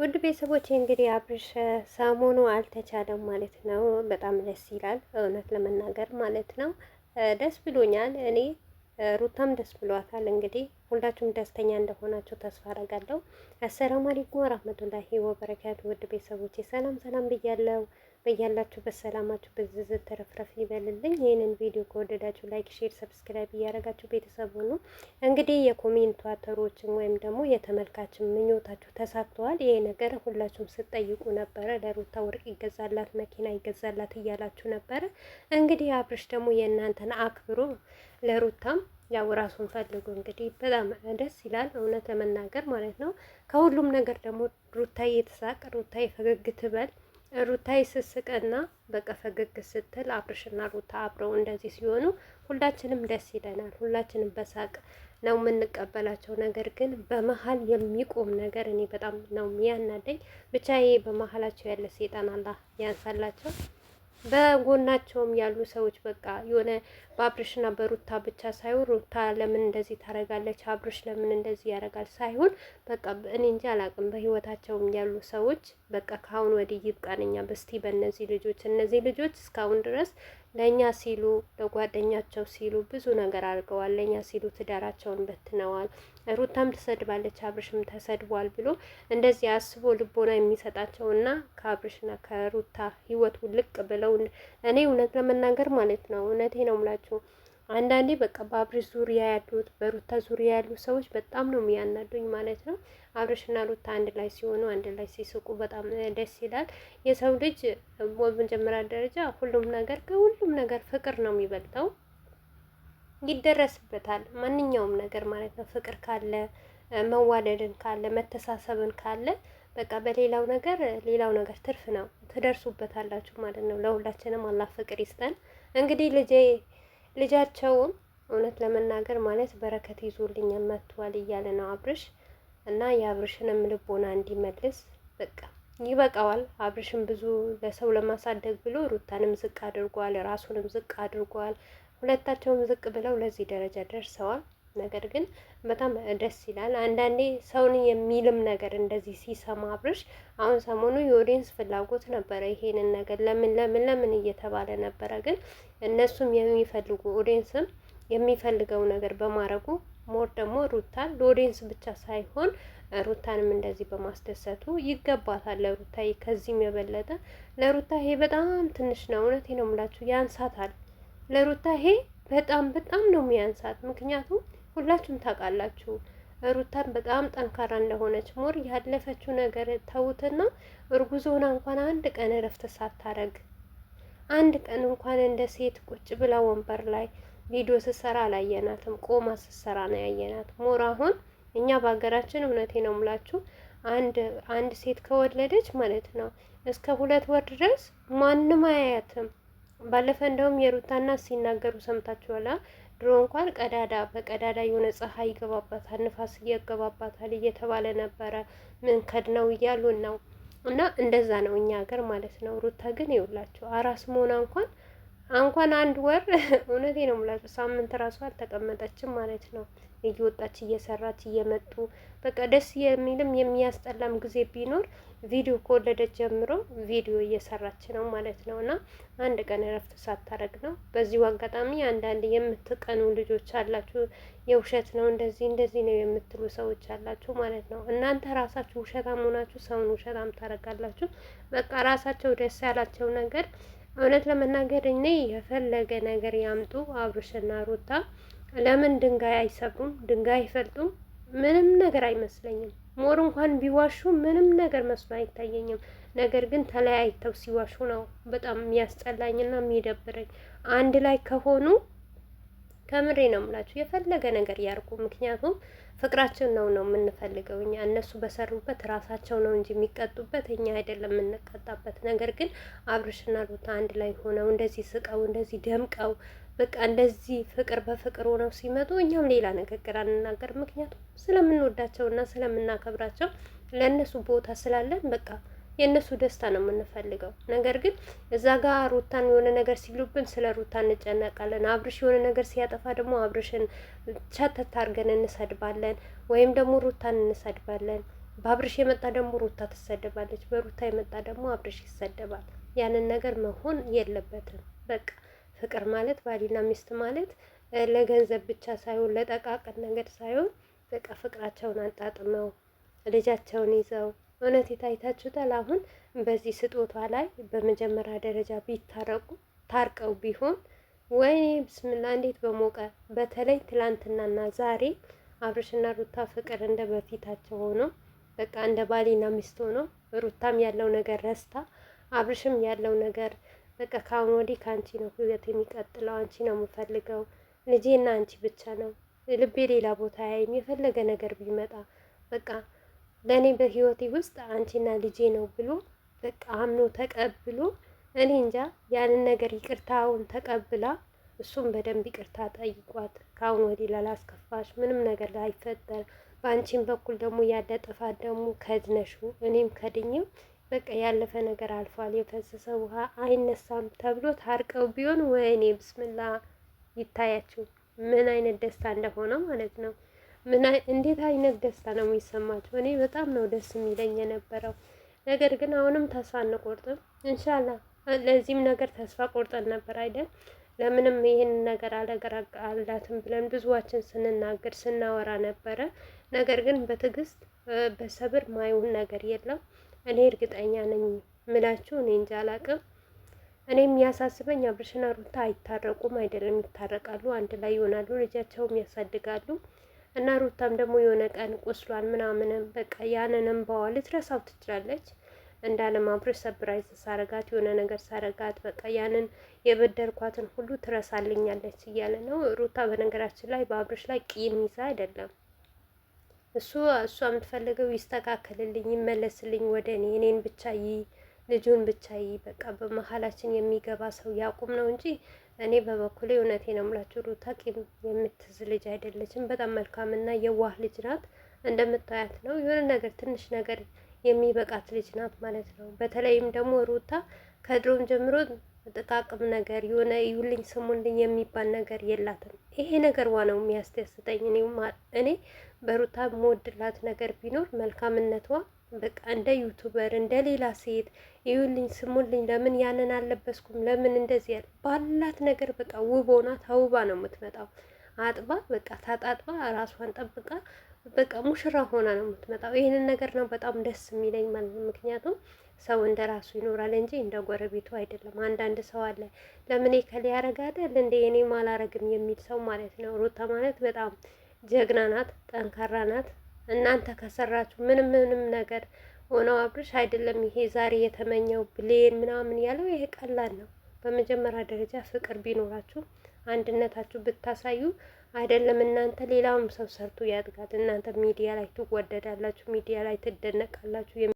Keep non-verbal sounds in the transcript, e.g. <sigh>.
ውድ ቤተሰቦች እንግዲህ አብርሽ ሰሞኑ አልተቻለም ማለት ነው። በጣም ደስ ይላል፣ እውነት ለመናገር ማለት ነው። ደስ ብሎኛል እኔ ሩታም ደስ ብሏታል። እንግዲህ ሁላችሁም ደስተኛ እንደሆናችሁ ተስፋ አረጋለሁ። አሰላሙ አለይኩም ወራህመቱላሂ ወበረካቱ። ውድ ቤተሰቦች ሰላም ሰላም ብያለሁ። በያላችሁበት ሰላማችሁ በዝዝት ተረፍረፍ ይበልልኝ። ይህንን ቪዲዮ ከወደዳችሁ ላይክ፣ ሼር፣ ሰብስክራይብ እያደረጋችሁ ቤተሰብ ሁኑ። እንግዲህ የኮሜንታተሮችን ወይም ደግሞ የተመልካችን ምኞታችሁ ተሳክተዋል። ይሄ ነገር ሁላችሁም ስጠይቁ ነበረ። ለሩታ ወርቅ ይገዛላት፣ መኪና ይገዛላት እያላችሁ ነበረ። እንግዲህ አብርሽ ደግሞ የእናንተን አክብሮ ለሩታም ያው ራሱን ፈልጉ እንግዲህ በጣም ደስ ይላል፣ እውነት ለመናገር ማለት ነው። ከሁሉም ነገር ደግሞ ሩታዬ ትሳቅ፣ ሩታዬ ፈገግ ትበል። ሩታ ስስቅና በቃ ፈገግ ስትል አብርሽና ሩታ አብረው እንደዚህ ሲሆኑ ሁላችንም ደስ ይለናል። ሁላችንም በሳቅ ነው የምንቀበላቸው። ነገር ግን በመሀል የሚቆም ነገር እኔ በጣም ነው የሚያናደኝ። ብቻ ይሄ በመሀላቸው ያለ ሴጣን አላህ ያንሳላቸው። በጎናቸውም ያሉ ሰዎች በቃ የሆነ በአብርሽና በሩታ ብቻ ሳይሆን ሩታ ለምን እንደዚህ ታደርጋለች፣ አብርሽ ለምን እንደዚህ ያደርጋል ሳይሆን በቃ እኔ እንጂ አላውቅም። በህይወታቸውም ያሉ ሰዎች በቃ ከአሁን ወዲህ ይብቃነኛ በስቲ በእነዚህ ልጆች እነዚህ ልጆች እስካሁን ድረስ ለእኛ ሲሉ ለጓደኛቸው ሲሉ ብዙ ነገር አድርገዋል። ለእኛ ሲሉ ትዳራቸውን በትነዋል። ሩታም ትሰድባለች፣ አብርሽም ተሰድቧል ብሎ እንደዚህ አስቦ ልቦና የሚሰጣቸውና ከአብርሽና ከሩታ ህይወት ውልቅ ብለው እኔ እውነት ለመናገር ማለት ነው እውነቴ ነው የምላችሁ አንዳንዴ በቃ በአብርሽ ዙሪያ ያሉት በሩታ ዙሪያ ያሉ ሰዎች በጣም ነው የሚያናዱኝ ማለት ነው። አብርሽና ሩታ አንድ ላይ ሲሆኑ አንድ ላይ ሲስቁ በጣም ደስ ይላል። የሰው ልጅ መጀመሪያ ደረጃ ሁሉም ነገር ከሁሉም ነገር ፍቅር ነው የሚበልጠው። ይደረስበታል። ማንኛውም ነገር ማለት ነው። ፍቅር ካለ መዋደድን ካለ መተሳሰብን ካለ በቃ በሌላው ነገር ሌላው ነገር ትርፍ ነው። ትደርሱበታላችሁ ማለት ነው። ለሁላችንም አላህ ፍቅር ይስጠን። እንግዲህ ልጄ ልጃቸውም እውነት ለመናገር ማለት በረከት ይዞልኛል መጥቷል እያለ ነው አብርሽ እና የአብርሽንም ልቦና እንዲመልስ በቃ ይበቃዋል። አብርሽም ብዙ ለሰው ለማሳደግ ብሎ ሩታንም ዝቅ አድርጓል፣ ራሱንም ዝቅ አድርጓል። ሁለታቸውም ዝቅ ብለው ለዚህ ደረጃ ደርሰዋል። ነገር ግን በጣም ደስ ይላል። አንዳንዴ ሰውን የሚልም ነገር እንደዚህ ሲሰማ አብርሽ አሁን ሰሞኑ የኦዲንስ ፍላጎት ነበረ። ይሄንን ነገር ለምን ለምን ለምን እየተባለ ነበረ። ግን እነሱም የሚፈልጉ ኦዲንስም የሚፈልገው ነገር በማድረጉ ሞር ደግሞ ሩታን ለኦዲንስ ብቻ ሳይሆን ሩታንም እንደዚህ በማስደሰቱ ይገባታል። ለሩታ ከዚህም የበለጠ ለሩታ ይሄ በጣም ትንሽ ነው። እውነቴ ነው የምላችሁ ያንሳታል። ለሩታ ይሄ በጣም በጣም ነው የሚያንሳት። ምክንያቱም ሁላችሁም ታውቃላችሁ ሩታን በጣም ጠንካራ እንደሆነች ሞር ያለፈችው ነገር ተውትና እርጉዝ ሆና እንኳን አንድ ቀን እረፍት ሳታረግ አንድ ቀን እንኳን እንደ ሴት ቁጭ ብላ ወንበር ላይ ቪዲዮ ስሰራ አላየናትም። ቆማ ስሰራ ነው ያየናት። ሞር አሁን እኛ በሀገራችን እውነቴ ነው ምላችሁ አንድ አንድ ሴት ከወለደች ማለት ነው እስከ ሁለት ወር ድረስ ማንም አያያትም። ባለፈ እንደውም የሩታና ሲናገሩ ሰምታችኋላ። ድሮ እንኳን ቀዳዳ በቀዳዳ የሆነ ፀሐይ ይገባባታል፣ ንፋስ ይገባባታል እየተባለ ነበረ። ምን ከድ ነው እያሉን ነው። እና እንደዛ ነው እኛ ሀገር ማለት ነው። ሩታ ግን ይውላቸው አራስ መሆና እንኳን እንኳን አንድ ወር <laughs> እውነቴ ነው የምላችሁ ሳምንት ራሱ አልተቀመጠችም ማለት ነው። እየወጣች እየሰራች እየመጡ በቃ ደስ የሚልም የሚያስጠላም ጊዜ ቢኖር ቪዲዮ ከወለደች ጀምሮ ቪዲዮ እየሰራች ነው ማለት ነው። እና አንድ ቀን እረፍት ሳታረግ ነው። በዚሁ አጋጣሚ አንዳንድ የምትቀኑ ልጆች አላችሁ። የውሸት ነው እንደዚህ እንደዚህ ነው የምትሉ ሰዎች አላችሁ ማለት ነው። እናንተ ራሳችሁ ውሸታም ሆናችሁ ሰውን ውሸታም ታደርጋላችሁ። በቃ ራሳቸው ደስ ያላቸው ነገር እውነት ለመናገር እኔ የፈለገ ነገር ያምጡ አብርሽና ሩታ ለምን ድንጋይ አይሰብሩም? ድንጋይ አይፈልጡም? ምንም ነገር አይመስለኝም። ሞር እንኳን ቢዋሹ ምንም ነገር መስሎ አይታየኝም። ነገር ግን ተለያይተው ሲዋሹ ነው በጣም የሚያስጠላኝና የሚደብረኝ። አንድ ላይ ከሆኑ ከምሬ ነው የምላችሁ የፈለገ ነገር ያርቁ። ምክንያቱም ፍቅራቸው ነው ነው የምንፈልገው እኛ እነሱ በሰሩበት ራሳቸው ነው እንጂ የሚቀጡበት እኛ አይደለም የምንቀጣበት። ነገር ግን አብርሽና ሩታ አንድ ላይ ሆነው እንደዚህ ስቀው እንደዚህ ደምቀው በቃ እንደዚህ ፍቅር በፍቅር ሆነው ሲመጡ እኛም ሌላ ንግግር አንናገር። ምክንያቱም ስለምንወዳቸው እና ስለምናከብራቸው ለእነሱ ቦታ ስላለን በቃ የእነሱ ደስታ ነው የምንፈልገው። ነገር ግን እዛ ጋር ሩታን የሆነ ነገር ሲሉብን ስለ ሩታ እንጨነቃለን። አብርሽ የሆነ ነገር ሲያጠፋ ደግሞ አብርሽን ቸተት አድርገን እንሰድባለን፣ ወይም ደግሞ ሩታን እንሰድባለን። በአብርሽ የመጣ ደግሞ ሩታ ትሰደባለች፣ በሩታ የመጣ ደግሞ አብርሽ ይሰደባል። ያንን ነገር መሆን የለበትም በቃ ፍቅር ማለት ባሊና ሚስት ማለት ለገንዘብ ብቻ ሳይሆን ለጠቃቅን ነገር ሳይሆን በቃ ፍቅራቸውን አጣጥመው ልጃቸውን ይዘው እውነት የታይታችሁታል። አሁን በዚህ ስጦታ ላይ በመጀመሪያ ደረጃ ቢታረቁ ታርቀው ቢሆን ወይ ብስምላ እንዴት በሞቀ በተለይ ትላንትናና ዛሬ አብርሽና ሩታ ፍቅር እንደ በፊታቸው ሆኖ በቃ እንደ ባሊና ሚስት ሆኖ ሩታም ያለው ነገር ረስታ አብርሽም ያለው ነገር በቃ ከአሁን ወዲህ ከአንቺ ነው ህይወት የሚቀጥለው፣ አንቺ ነው የምፈልገው፣ ልጄና አንቺ ብቻ ነው ልቤ ሌላ ቦታ ያይም የፈለገ ነገር ቢመጣ በቃ ለእኔ በህይወቴ ውስጥ አንቺና ልጄ ነው ብሎ በቃ አምኖ ተቀብሎ እኔ እንጃ ያንን ነገር ይቅርታውን ተቀብላ እሱም በደንብ ይቅርታ ጠይቋት። ከአሁን ወዲህ ላላስከፋሽ ምንም ነገር ላይፈጠር፣ በአንቺም በኩል ደግሞ ያለ ጥፋት ደግሞ ከድነሹ እኔም ከድኝም በቃ ያለፈ ነገር አልፏል፣ የፈሰሰ ውሃ አይነሳም ተብሎ ታርቀው ቢሆን ወይኔ ብስምላ ይታያችሁ ምን አይነት ደስታ እንደሆነ ማለት ነው። ምን እንዴት አይነት ደስታ ነው የሚሰማቸው? እኔ በጣም ነው ደስ የሚለኝ የነበረው ነገር ግን አሁንም ተስፋ አንቆርጥም። እንሻላ ለዚህም ነገር ተስፋ ቆርጠን ነበር አይደል? ለምንም ይህን ነገር አላትም ብለን ብዙዋችን ስንናገር ስናወራ ነበረ። ነገር ግን በትዕግስት በሰብር ማይሆን ነገር የለም። እኔ እርግጠኛ ነኝ ምላችሁ እኔ እንጃ አላቅም። እኔ የሚያሳስበኝ አብርሽና ሩታ አይታረቁም አይደለም፣ ይታረቃሉ፣ አንድ ላይ ይሆናሉ፣ ልጃቸውም ያሳድጋሉ። እና ሩታም ደግሞ የሆነ ቀን ቆስሏል ምናምንም በቃ ያንንም በዋ ልትረሳው ትችላለች። እንዳለም አብርሽ ሰብራይዝ ሳረጋት የሆነ ነገር ሳረጋት በቃ ያንን የበደርኳትን ሁሉ ትረሳልኛለች እያለ ነው። ሩታ በነገራችን ላይ በአብርሽ ላይ ቂም ይዛ አይደለም እሱ እሷ የምትፈልገው ይስተካከልልኝ፣ ይመለስልኝ ወደ እኔ እኔን ብቻ ይ ልጁን ብቻ ይ በቃ በመሀላችን የሚገባ ሰው ያቁም ነው እንጂ እኔ በበኩሌ እውነቴ ነው የምላችሁ ሩታ ቂም የምትዝ ልጅ አይደለችም። በጣም መልካምና የዋህ ልጅ ናት። እንደምታያት ነው የሆነ ነገር ትንሽ ነገር የሚበቃት ልጅ ናት ማለት ነው። በተለይም ደግሞ ሩታ ከድሮም ጀምሮ ጥቃቅም ነገር የሆነ እዩልኝ ስሙልኝ የሚባል ነገር የላትም። ይሄ ነገርዋ ነው የሚያስደስተኝ እኔ በሩታ የምወድላት ነገር ቢኖር መልካምነቷ በቃ እንደ ዩቱበር እንደ ሌላ ሴት ይሁልኝ ስሙልኝ፣ ለምን ያንን አለበስኩም፣ ለምን እንደዚህ ያለ ባላት ነገር በቃ ውብ ሆና ተውባ ነው የምትመጣው። አጥባ በቃ ታጣጥባ ራሷን ጠብቃ በቃ ሙሽራ ሆና ነው የምትመጣው። ይህንን ነገር ነው በጣም ደስ የሚለኝ ማለት ነው። ምክንያቱም ሰው እንደ ራሱ ይኖራል እንጂ እንደ ጎረቤቱ አይደለም። አንዳንድ ሰው አለ ለምን ከሊ ያረጋደል እንደ እኔ ማላረግም የሚል ሰው ማለት ነው። ሩታ ማለት በጣም ጀግና ናት፣ ጠንካራ ናት። እናንተ ከሰራችሁ ምንም ምንም ነገር ሆነው አብርሽ አይደለም ይሄ ዛሬ የተመኘው ብሌን ምናምን ያለው ይሄ ቀላል ነው። በመጀመሪያ ደረጃ ፍቅር ቢኖራችሁ አንድነታችሁ ብታሳዩ አይደለም እናንተ ሌላውም ሰው ሰርቶ ያድጋል። እናንተ ሚዲያ ላይ ትወደዳላችሁ፣ ሚዲያ ላይ ትደነቃላችሁ።